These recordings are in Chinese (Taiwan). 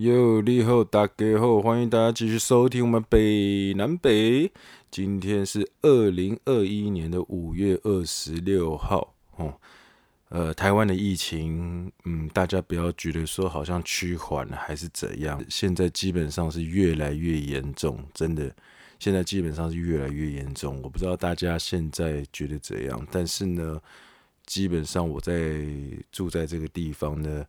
有你好，大家好，歡迎大家繼續收聽我們北南北。今天是二零二一年的五月二十六號，哦、嗯，呃，台灣的疫情，嗯，大家不要覺得說好像趨緩了還是怎樣？現在基本上是越來越嚴重，真的，現在基本上是越來越嚴重。我不知道大家現在覺得怎樣，但是呢，基本上我在住在這個地方呢。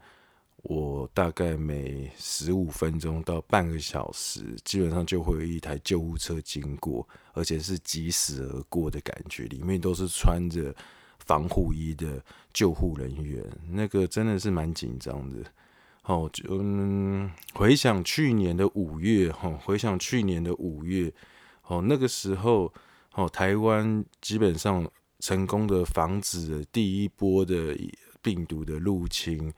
我大概每十五分鐘到半個小時，基本上就會有一台救護車經過，而且是疾駛而過的感覺。裡面都是穿着防護衣的救護人員，那個真的是蠻緊張的。哦、就嗯，回想去年的五月，哈、哦，回想去年的五月，哦，那個時候，哦，台灣基本上成功的防止了第一波的病毒的入侵。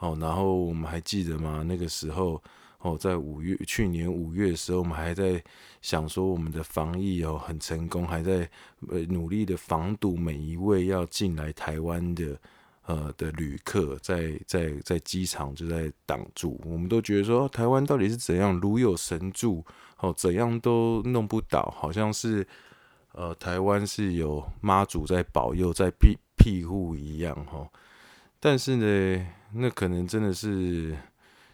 好，然後我們還記得嗎？那個時候，哦，在五月，去年五月的時候，我們還在想說，我們的防疫哦很成功，還在呃努力的防堵每一位要進來台灣的呃的旅客，在在在機場就在擋住。我們都覺得說，啊，台灣到底是怎樣，如有神助，哦，怎樣都弄不倒，好像是呃，台灣是有媽祖在保佑，在庇庇護一樣，哦。但是呢，那可能真的是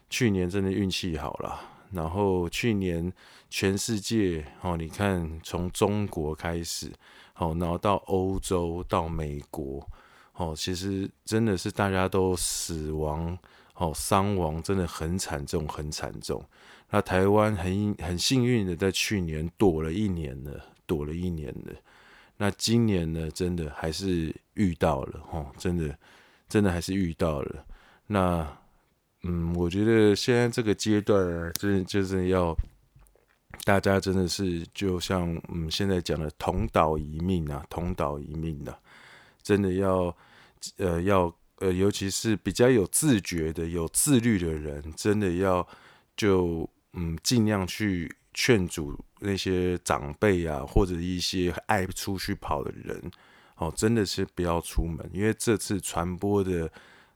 去年真的運氣好了。然後去年全世界哦，你看從中國開始哦，然後到歐洲到美國哦，其實真的是大家都死亡哦，傷亡真的很慘重，很慘重。那台灣很很幸運的在去年躲了一年了，躲了一年了。那今年呢，真的還是遇到了哦，真的。真的還是遇到了，那，嗯，我覺得現在這個階段，真就，就是要大家真的是就像嗯現在講的“同島一命”啊，“同島一命”啊，真的要，呃，要，呃，尤其是比較有自覺的、有自律的人，真的要就嗯盡量去勸阻那些長輩啊，或者一些愛出去跑的人。哦，真的是不要出門，因為這次傳播的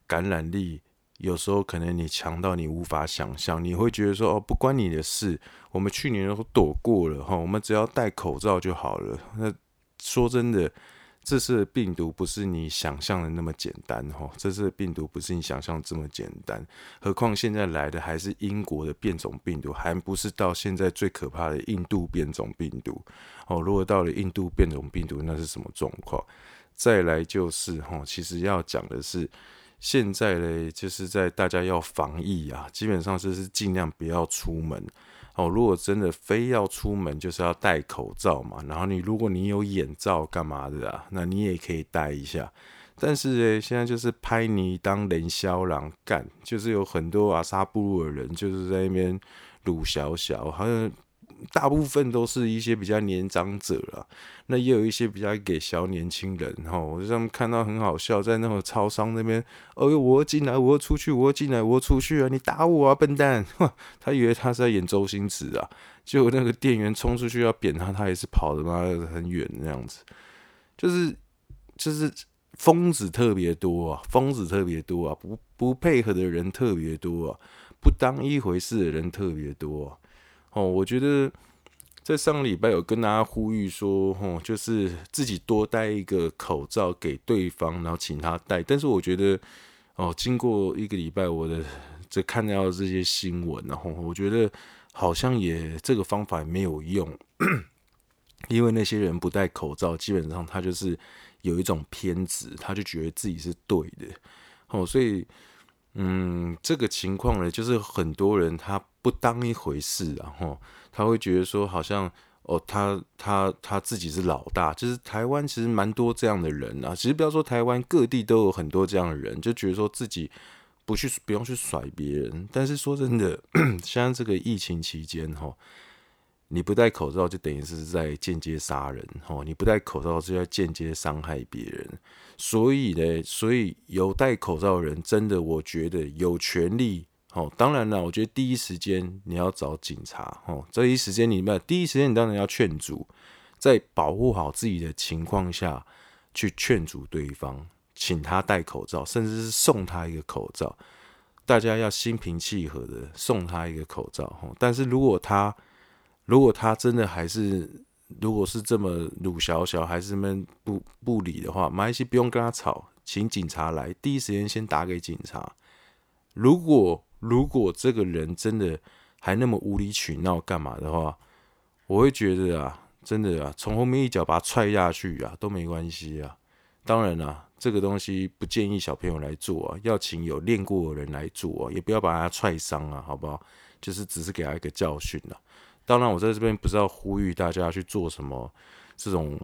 感染力，有時候可能你強到你無法想象。你會覺得說，哦，不關你的事，我們去年都躲過了吼，哦，我們只要戴口罩就好了。那說真的。這次的病毒不是你想象的那麼簡單哈，這次的病毒不是你想象的這麼簡單，何況現在來的還是英國的變種病毒，還不是到現在最可怕的印度變種病毒哦。如果到了印度變種病毒，那是什麼狀況？再來就是吼，其實要講的是，現在嘞就是在大家要防疫啊，基本上就是儘量不要出門。哦，如果真的非要出門，就是要戴口罩嘛。然後你，如果你有眼罩幹嘛的啊，那你也可以戴一下。但是呢，現在就是拍你當人消狼幹，就是有很多阿莎布魯的人就是在那邊盧小小，好像。大部分都是一些比較年長者了，那也有一些比較給小年輕人哈。我就這樣看到很好笑，在那個超商那邊，哎呦，我要進來，我要出去，我要進來，我要出去啊！你打我啊，笨蛋！他以為他是在演周星馳啊，結果那個店員衝出去要扁他，他也是跑得嘛很遠，那樣子就是就是瘋子特別多啊，瘋子特別多啊，不不配合的人特別多啊，不當一回事的人特別多啊。哦，我覺得在上個禮拜有跟大家呼籲說，哦，就是自己多戴一個口罩給對方，然後請他戴。但是我覺得，哦，經過一個禮拜，我的這看到這些新聞，然後我覺得好像也這個方法沒有用，因為那些人不戴口罩，基本上他就是有一種偏執，他就覺得自己是對的。哦，所以，嗯，這個情況呢，就是很多人他。不當一回事啊，吼，他會覺得說，好像哦，他他他自己是老大，就是台灣其實蠻多這樣的人啊。其實不要說台灣各地都有很多這樣的人，就覺得說自己不去不用去甩別人。但是說真的，像這個疫情期間，你不戴口罩就等於是在間接殺人，你不戴口罩就在間接傷害別人。所以呢，所以有戴口罩的人真的，我覺得有權利。好、哦，當然了，我覺得第一時間你要找警察。哦，這一時間裡面，第一時間你當然要勸阻，在保護好自己的情況下，去勸阻對方，請他戴口罩，甚至是送他一個口罩。大家要心平氣和的送他一個口罩。哦，但是如果他，如果他真的還是，如果是這麼魯小小還是這麼不不理的話，馬來西不用跟他吵，請警察來，第一時間先打給警察。如果如果這個人真的還那麼無理取鬧幹嘛的話，我會覺得啊，真的啊，從後面一腳把他踹下去啊都沒關係啊。當然啦、啊，這個東西不建議小朋友來做啊，要請有練過的人來做啊，也不要把他踹傷啊，好不好？就是只是給他一個教訓了、啊。當然，我在這邊不是要呼籲大家去做什麼這種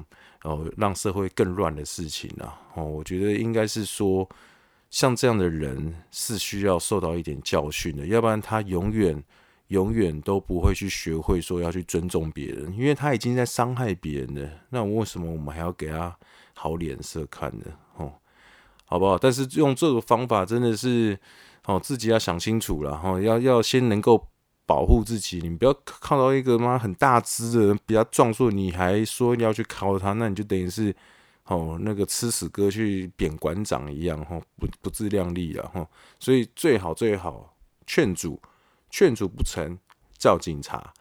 哦、呃，讓社會更亂的事情啊。哦。我覺得應該是說。像這樣的人是需要受到一點教訓的，要不然他永遠永遠都不會去學會說要去尊重別人，因為他已經在傷害別人了。那為什麼我們還要給他好臉色看呢？哦，好不好？但是用這種方法真的是哦，自己要想清楚了哦，要要先能夠保護自己。你不要看到一個媽很大只的人比較壯碩，你還說你要去靠他，那你就等於是。哦，那個吃屎哥去扁館長一樣，哦，不不自量力了，吼，所以最好最好勸阻，勸阻不成叫警察，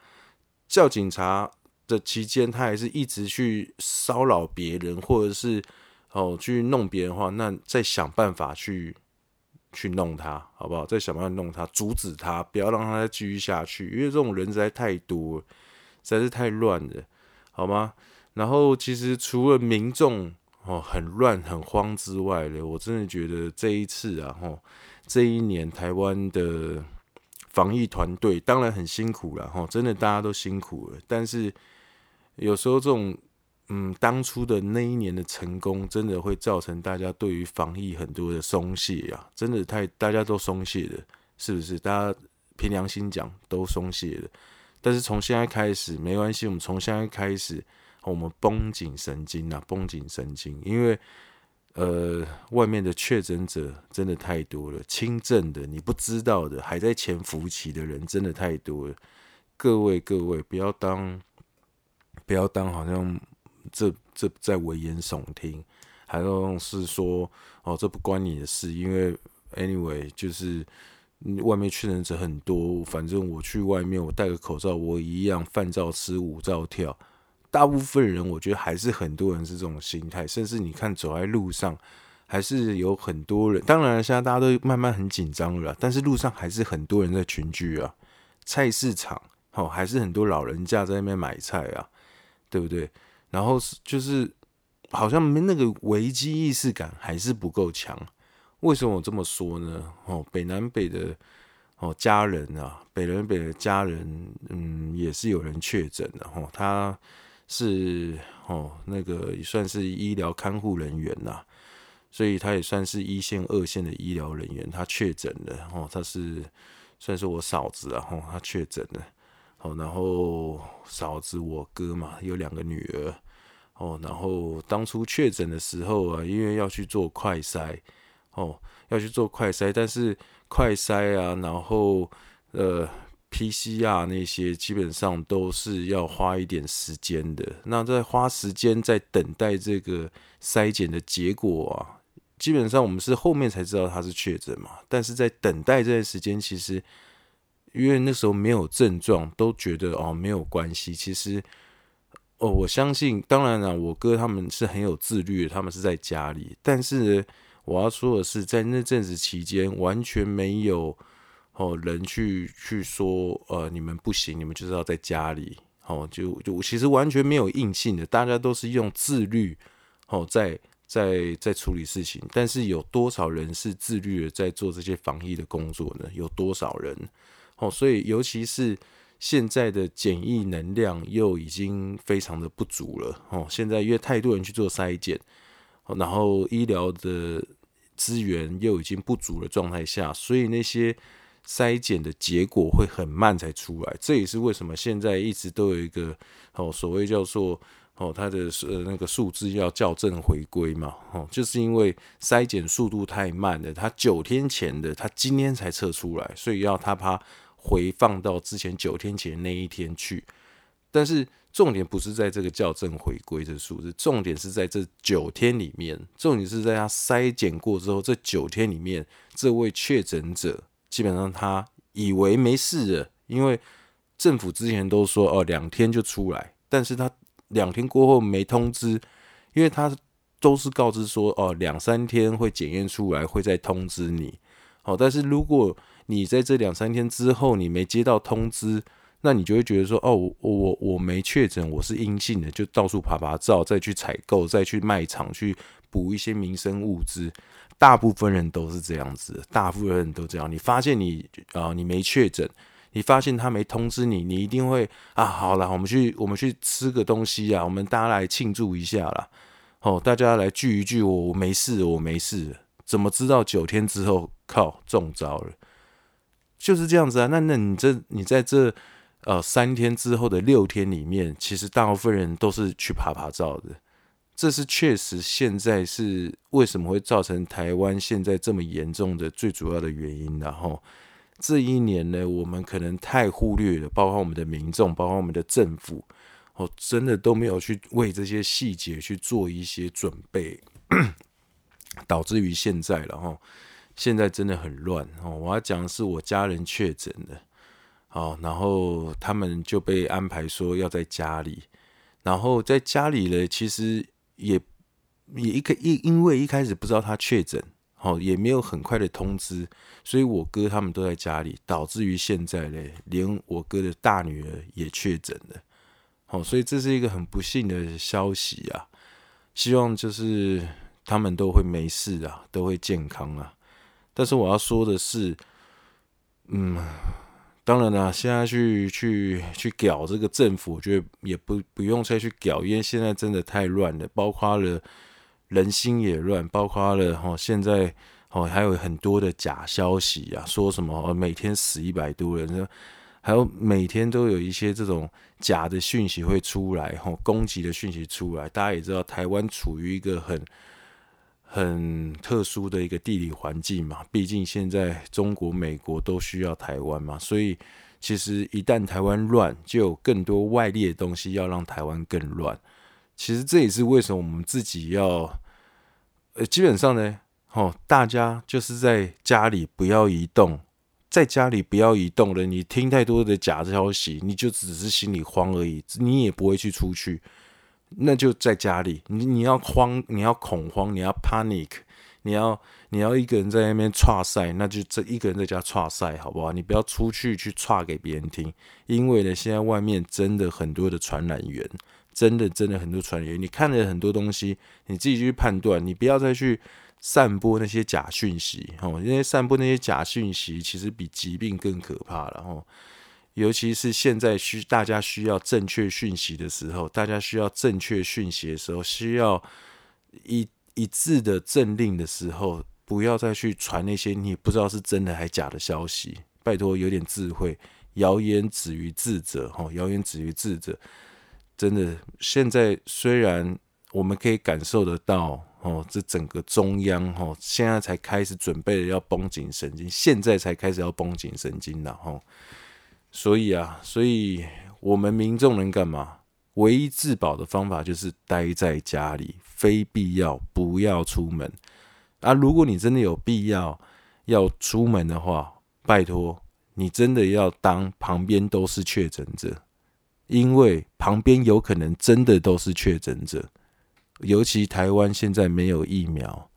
叫警察的期間，他還是一直去騷擾別人，或者是哦去弄別人的話，那再想辦法去去弄他，好不好？再想辦法弄他，阻止他，不要讓他再繼續下去，因為這種人實在太多，實在是太亂了，好嗎？然後其實除了民眾哦很亂很慌之外呢，我真的覺得這一次啊，吼，這一年台灣的防疫團隊當然很辛苦了，吼，真的大家都辛苦了。但是有時候這種嗯，當初的那一年的成功，真的會造成大家對於防疫很多的鬆懈呀、啊，真的太大家都鬆懈了，是不是？大家憑良心講都鬆懈了。但是從現在開始沒關係，我們從現在開始。我們繃緊神經啊，繃緊神經，因為呃，外面的確診者真的太多了，輕症的、你不知道的、還在潛伏期的人真的太多了。各位各位，不要當不要當好像這這在危言聳聽，還要是說哦，這不關你的事，因為 anyway 就是外面確診者很多，反正我去外面我戴個口罩，我一樣飯照吃，舞照跳。大部分人，我覺得還是很多人是這種心態，甚至你看走在路上，還是有很多人。當然，現在大家都慢慢很緊張了，但是路上還是很多人在群聚啊，菜市場，哦，還是很多老人家在那邊買菜啊，對不對？然後是就是好像沒那個危機意識感還是不夠強。為什麼我這麼說呢？哦，北南北的哦家人啊，北南北的家人，嗯，也是有人確診的哦，他。是哦，那個也算是醫療看護人員啦、啊。所以他也算是一線、二線的醫療人員。他確診了哦，他是算是我嫂子啊，哦，他確診了哦，然後嫂子我哥嘛有兩個女兒哦，然後當初確診的時候啊，因為要去做快篩哦，要去做快篩，但是快篩啊，然後呃。P C R 那些基本上都是要花一點時間的。那在花時間在等待這個篩檢的結果啊，基本上我們是後面才知道他是確診嘛。但是在等待這段時間，其實因為那時候沒有症狀，都覺得哦沒有關係。其實哦，我相信，當然了啊，我哥他們是很有自律的，他們是在家裡。但是呢，我要說的是，在那陣子期間完全沒有。哦，人去去說，呃，你們不行，你們就是要在家裡，哦，就就其實完全沒有硬性的，大家都是用自律，哦，在在在處理事情。但是有多少人是自律的在做這些防疫的工作呢？有多少人？哦，所以尤其是現在的檢疫能量又已經非常的不足了，哦，現在因為太多人去做篩檢，然後醫療的資源又已經不足的狀態下，所以那些。篩檢的結果會很慢才出來，這也是為什麼現在一直都有一個哦，所謂叫做哦，它的呃那個數字要校正回歸嘛，哦，就是因為篩檢速度太慢了，它九天前的，它今天才測出來，所以要它把它回放到之前九天前的那一天去。但是重點不是在這個校正回歸的數字，重點是在這九天裡面，重點是在它篩檢過之後這九天裡面這位確診者。基本上他以為沒事了，因為政府之前都說哦兩天就出來，但是他兩天過後沒通知，因為他都是告知說哦兩三天會檢驗出來，會再通知你。好、哦，但是如果你在這兩三天之後你沒接到通知，那你就會覺得說哦我我我我沒確診，我是陰性的，就到處趴趴走，再去採購，再去賣場去。補一些民生物資，大部分人都是這樣子，大部分人都這樣。你發現你啊、呃，你沒確診，你發現他沒通知你，你一定會啊，好啦，我們去，我們去吃個東西啊，我們大家來慶祝一下啦。哦，大家來聚一聚，我我沒事，我沒事，怎麼知道九天之後靠中招了？就是這樣子啊，那那你這你在這呃三天之後的六天裡面，其實大部分人都是去趴趴走的。這是確實，現在是為什麼會造成台灣現在這麼嚴重的最主要的原因。然後這一年呢，我們可能太忽略了，包括我們的民眾，包括我們的政府，哦，真的都沒有去為這些細節去做一些準備， 導致於現在，然後現在真的很亂哦。我要講的是，我家人確診的哦，然後他們就被安排說要在家裡，然後在家裡呢，其實。也也一個因因為一開始不知道他確診，好也沒有很快的通知，所以我哥他們都在家裡，導致於現在嘞，連我哥的大女兒也確診了，好，所以這是一個很不幸的消息啊！希望就是他們都會沒事啊，都會健康啊！但是我要說的是，嗯。當然啦、啊，現在去去去搞這個政府，我覺得也不不用再去搞，因為現在真的太亂了，包括了人心也亂，包括了哈、哦，現在哦還有很多的假消息啊，說什麼、哦、每天死一百多人，還有每天都有一些這種假的訊息會出來，吼、哦、攻擊的訊息出來，大家也知道，台灣處於一個很。很特殊的一個地理環境嘛，畢竟現在中國、美國都需要台灣嘛，所以其實一旦台灣亂，就有更多外力的東西要讓台灣更亂。其實這也是為什麼我們自己要，呃，基本上呢，哦，大家就是在家裡不要移動，在家裡不要移動了。你聽太多的假消息，你就只是心裡慌而已，你也不會去出去。那就在家裡，你你要慌，你要恐慌，你要 panic，你要你要一個人在那邊踹晒，那就這一個人在家踹晒，好不好？你不要出去去踹給別人聽，因為呢，現在外面真的很多的傳染源，真的真的很多傳染源。你看了很多東西，你自己去判斷，你不要再去散播那些假訊息哦，因為散播那些假訊息其實比疾病更可怕了哦。哦尤其是現在需大家需要正確訊息的時候，大家需要正確訊息的時候，需要以一致的政令的時候，不要再去傳那些你不知道是真的還假的消息。拜託，有點智慧，謠言止於智者，哈、喔，謠言止於智者。真的，現在雖然我們可以感受得到，哦、喔，這整個中央，哦、喔，現在才開始準備要繃緊神經，現在才開始要繃緊神經了哈。喔所以啊，所以我們民眾能幹嘛？唯一自保的方法就是待在家裡，非必要不要出門。啊，如果你真的有必要要出門的話，拜托你真的要當旁邊都是確診者，因為旁邊有可能真的都是確診者。尤其台灣現在沒有疫苗，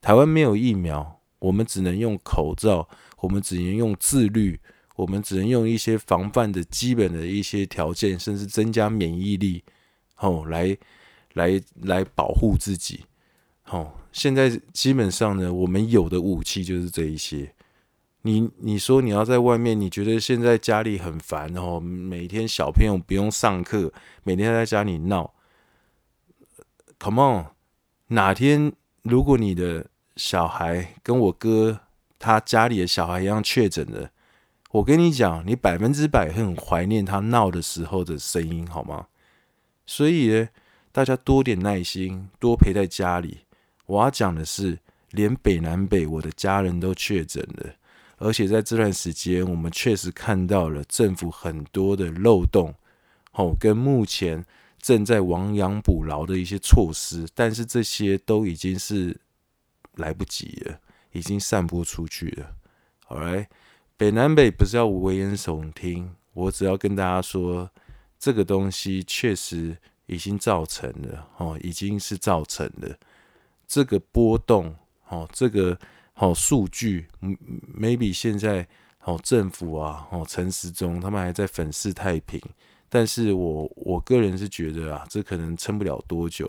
台灣沒有疫苗，我們只能用口罩，我們只能用自律。我們只能用一些防範的基本的一些條件，甚至增加免疫力，哦，來來來保護自己。哦，現在基本上呢，我們有的武器就是這一些。你你說你要在外面，你覺得現在家裡很煩，哦，每天小朋友不用上課，每天在家裡鬧。Come on，哪天如果你的小孩跟我哥他家裡的小孩一樣確診了？我跟你講，你百分之百很懷念他鬧的時候的聲音，好嗎？所以呢，大家多點耐心，多陪在家裡。我要講的是，連北南北我的家人都確診了，而且在這段時間，我們確實看到了政府很多的漏洞，哦，跟目前正在亡羊補牢的一些措施。但是這些都已經是來不及了，已經散播出去了。好，來。北南北不是要危言聳聽，我只要跟大家說，這個東西確實已經造成了哦，已經是造成了這個波動哦，這個、哦、數據，maybe 現在、哦、政府啊，哦陳時中他們還在粉飾太平，但是我我個人是覺得啊，這可能撐不了多久。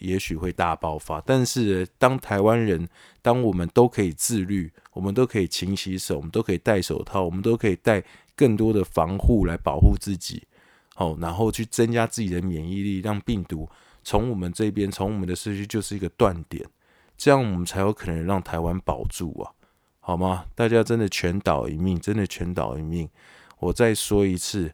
也許會大爆發，但是當台灣人，當我們都可以自律，我們都可以勤洗手，我們都可以戴手套，我們都可以戴更多的防護來保護自己，好，然後去增加自己的免疫力，讓病毒從我們這邊，從我們的社區就是一個斷點，這樣我們才有可能讓台灣保住啊，好嗎？大家真的全島一命，真的全島一命，我再說一次。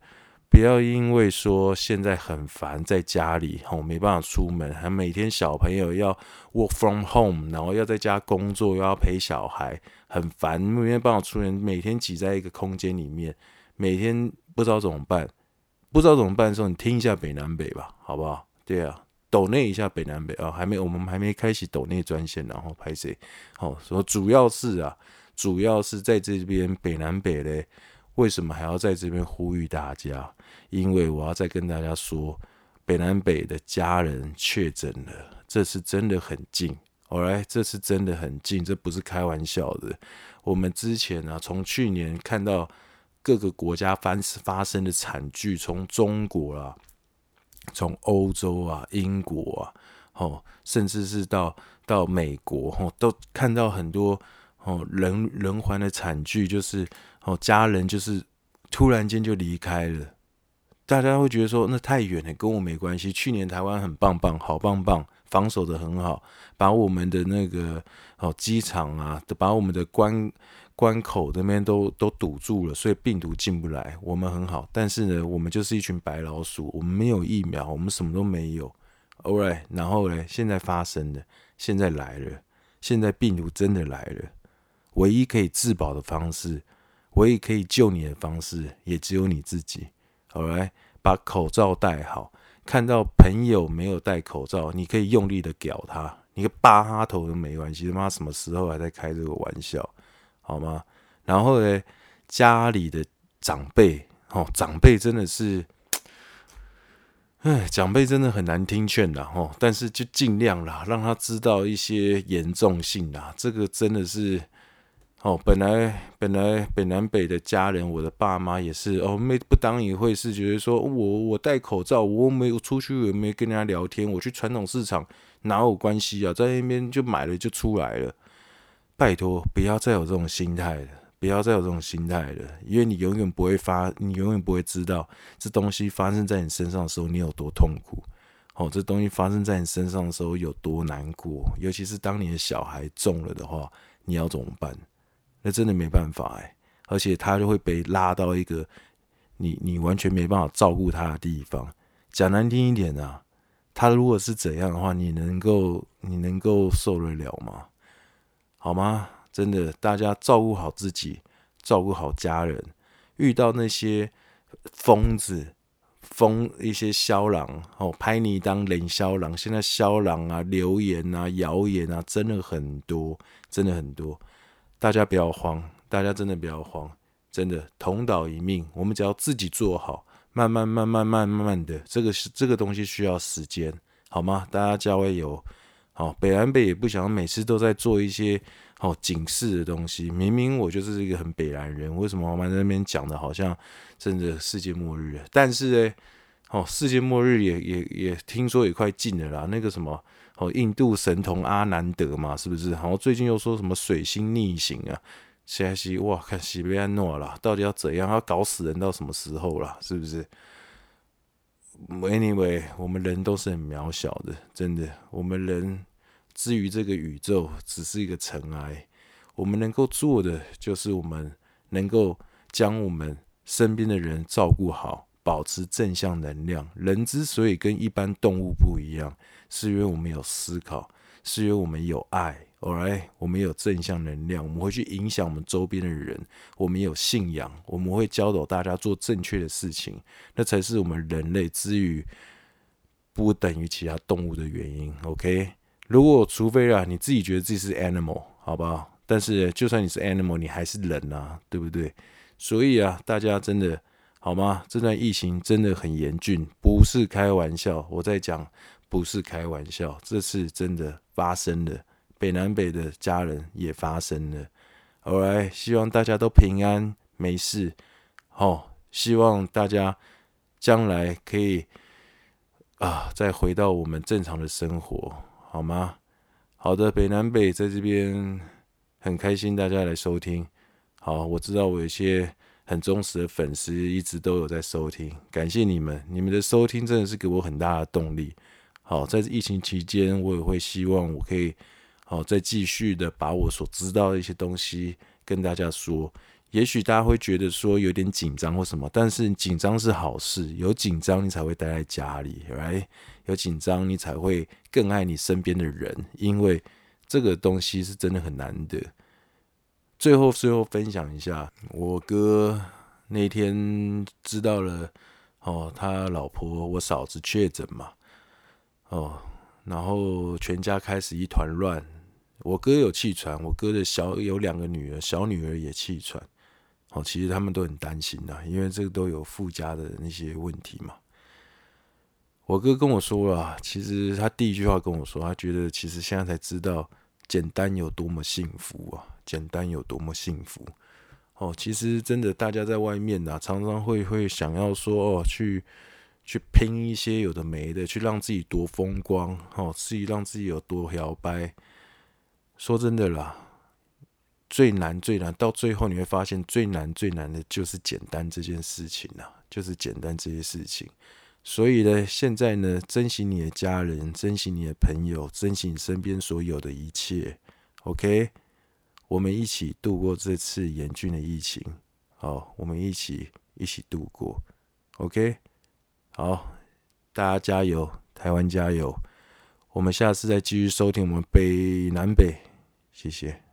不要因為說現在很煩，在家裡哈沒辦法出門，還每天小朋友要 work from home，然後要在家工作，又要陪小孩，很煩，沒辦法出門，每天擠在一個空間裡面，每天不知道怎麼辦，不知道怎麼辦的時候，你聽一下北南北吧，好不好？對啊，抖內一下北南北啊，哦，還沒，我們還沒開始抖內專線，然後拍攝，好說、哦、主要是啊，主要是在這邊北南北嘞。為什麼還要在這邊呼籲大家？因為我要再跟大家說，北南北的家人確診了，這次真的很近。好，來，這次真的很近，這不是開玩笑的。我們之前呢、啊，從去年看到各個國家發發生的慘劇，從中國啊，從歐洲啊，英國啊，哦，甚至是到到美國，哦，都看到很多。哦，人人寰的慘劇就是哦，家人就是突然間就離開了，大家會覺得說，那太遠了，跟我沒關係。去年台灣很棒棒，好棒棒，防守得很好，把我們的那個哦機場啊，把我們的關關口那邊都都堵住了，所以病毒進不來，我們很好。但是呢，我們就是一群白老鼠，我們沒有疫苗，我們什麼都沒有。All right，然後呢，現在發生了，現在來了，現在病毒真的來了。唯一可以自保的方式，唯一可以救你的方式，也只有你自己。好來，把口罩戴好。看到朋友沒有戴口罩，你可以用力的屌他。你個巴哈頭都沒關係，他媽什麼時候還在開這個玩笑，好嗎？然後呢，家裡的長輩，吼，長輩真的是，哎，長輩真的很難聽勸的吼。但是就盡量啦，讓他知道一些嚴重性啦。這個真的是。哦，本來本來北南北的家人，我的爸媽也是哦，沒不當一回事，覺得說，我我戴口罩，我沒有出去，也沒跟人家聊天，我去傳統市場哪有關係啊？在那邊就買了就出來了。拜托，不要再有這種心態了，不要再有這種心態了，因為你永遠不會發，你永遠不會知道這東西發生在你身上的時候，你有多痛苦。哦，這東西發生在你身上的時候有多難過，尤其是當你的小孩中了的話，你要怎麼辦？那真的沒辦法哎、欸，而且他就會被拉到一個你你完全沒辦法照顧他的地方。講難聽一點啊，他如果是怎樣的話，你能夠你能夠受得了嗎？好嗎？真的，大家照顧好自己，照顧好家人。遇到那些瘋子、瘋一些肖狼哦，拍你當冷肖狼。現在肖狼啊，留言啊，謠言啊，真的很多，真的很多。大家不要慌，大家真的不要慌，真的同島一命。我們只要自己做好，慢慢慢慢慢慢慢的，這個是這個東西需要時間，好嗎？大家加油！好、哦，北南北也不想每次都在做一些好、哦、警示的東西。明明我就是一個很北南人，為什麼我們在那邊講的好像真的世界末日？但是呢，哦，世界末日也也也，也聽說也快近了啦，那個什麼。哦、印度神童阿南德嘛，是不是？好像，最近又說什麼水星逆行啊？西西哇，看西邊諾啦，到底要怎樣？要搞死人到什麼時候啦？是不是？Anyway，我們人都是很渺小的，真的。我們人之於這個宇宙，只是一個塵埃。我們能夠做的，就是我們能夠將我們身邊的人照顧好。保持正向能量。人之所以跟一般動物不一樣，是因為我們有思考，是因為我們有愛，OK？我們有正向能量，我們會去影響我們周邊的人。我們有信仰，我們會教導大家做正確的事情，那才是我們人類之於不等於其他動物的原因。OK？如果除非啊，你自己覺得自己是 animal，好不好？但是就算你是 animal，你還是人吶、啊，對不對？所以啊，大家真的。好嗎？這段疫情真的很嚴峻，不是開玩笑，我在講，不是開玩笑。這次真的發生了，北南北的家人也發生了。All right，希望大家都平安沒事。好，哦，希望大家將來可以啊，再回到我們正常的生活，好嗎？好的，北南北在這邊很開心，大家來收聽。好，我知道我有些。很忠實的粉絲，一直都有在收聽，感謝你們，你們的收聽真的是給我很大的動力。好，在這疫情期間，我也會希望我可以好再繼續的把我所知道的一些東西跟大家說。也許大家會覺得說有點緊張或什麼，但是緊張是好事，有緊張你才會待在家裡，right? 有緊張你才會更愛你身邊的人，因為這個東西是真的很難的。最後，最後分享一下，我哥那天知道了哦，他老婆我嫂子確診嘛，哦，然後全家開始一團亂。我哥有氣喘，我哥的小有兩個女兒，小女兒也氣喘，哦，其實他們都很擔心吶、啊，因為這個都有附加的那些問題嘛。我哥跟我說了、啊，其實他第一句話跟我說，他覺得其實現在才知道簡單有多麼幸福啊。簡單有多麼幸福，哦，其實真的，大家在外面呢、啊，常常會會想要說哦，去去拼一些有的沒的，去讓自己多風光，哦，自己讓自己有多搖擺。說真的啦，最難最難，到最後你會發現最難最難的就是簡單這件事情吶、啊,就是簡單這些事情。所以呢，現在呢，珍惜你的家人，珍惜你的朋友，珍惜你身邊所有的一切。OK。我們一起度過這次嚴峻的疫情，好，我們一起一起度過，OK，好，大家加油，台灣加油，我們下次再繼續收聽我們北南北，謝謝。